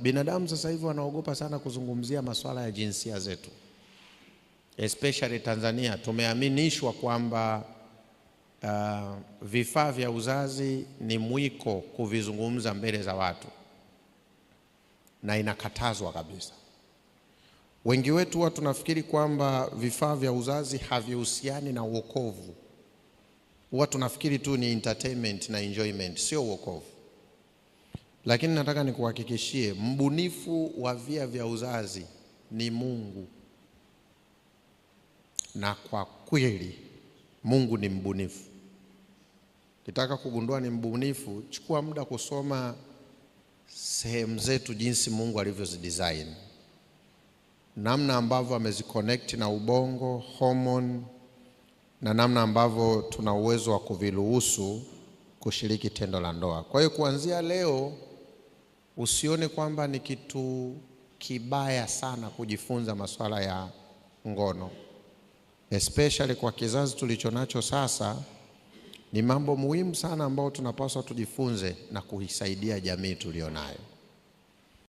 Binadamu sasa hivi wanaogopa sana kuzungumzia masuala ya jinsia zetu, especially Tanzania. Tumeaminishwa kwamba uh, vifaa vya uzazi ni mwiko kuvizungumza mbele za watu, na inakatazwa kabisa. Wengi wetu huwa tunafikiri kwamba vifaa vya uzazi havihusiani na uokovu. Huwa tunafikiri tu ni entertainment na enjoyment, sio uokovu. Lakini nataka nikuhakikishie mbunifu wa via vya uzazi ni Mungu, na kwa kweli Mungu ni mbunifu. Kitaka kugundua ni mbunifu, chukua muda kusoma sehemu zetu, jinsi Mungu alivyozidesign, namna ambavyo ameziconnect na ubongo, hormone na namna ambavyo tuna uwezo wa kuviruhusu kushiriki tendo la ndoa. Kwa hiyo kuanzia leo Usione kwamba ni kitu kibaya sana kujifunza masuala ya ngono, especially kwa kizazi tulichonacho sasa. Ni mambo muhimu sana ambayo tunapaswa tujifunze na kuisaidia jamii tulionayo.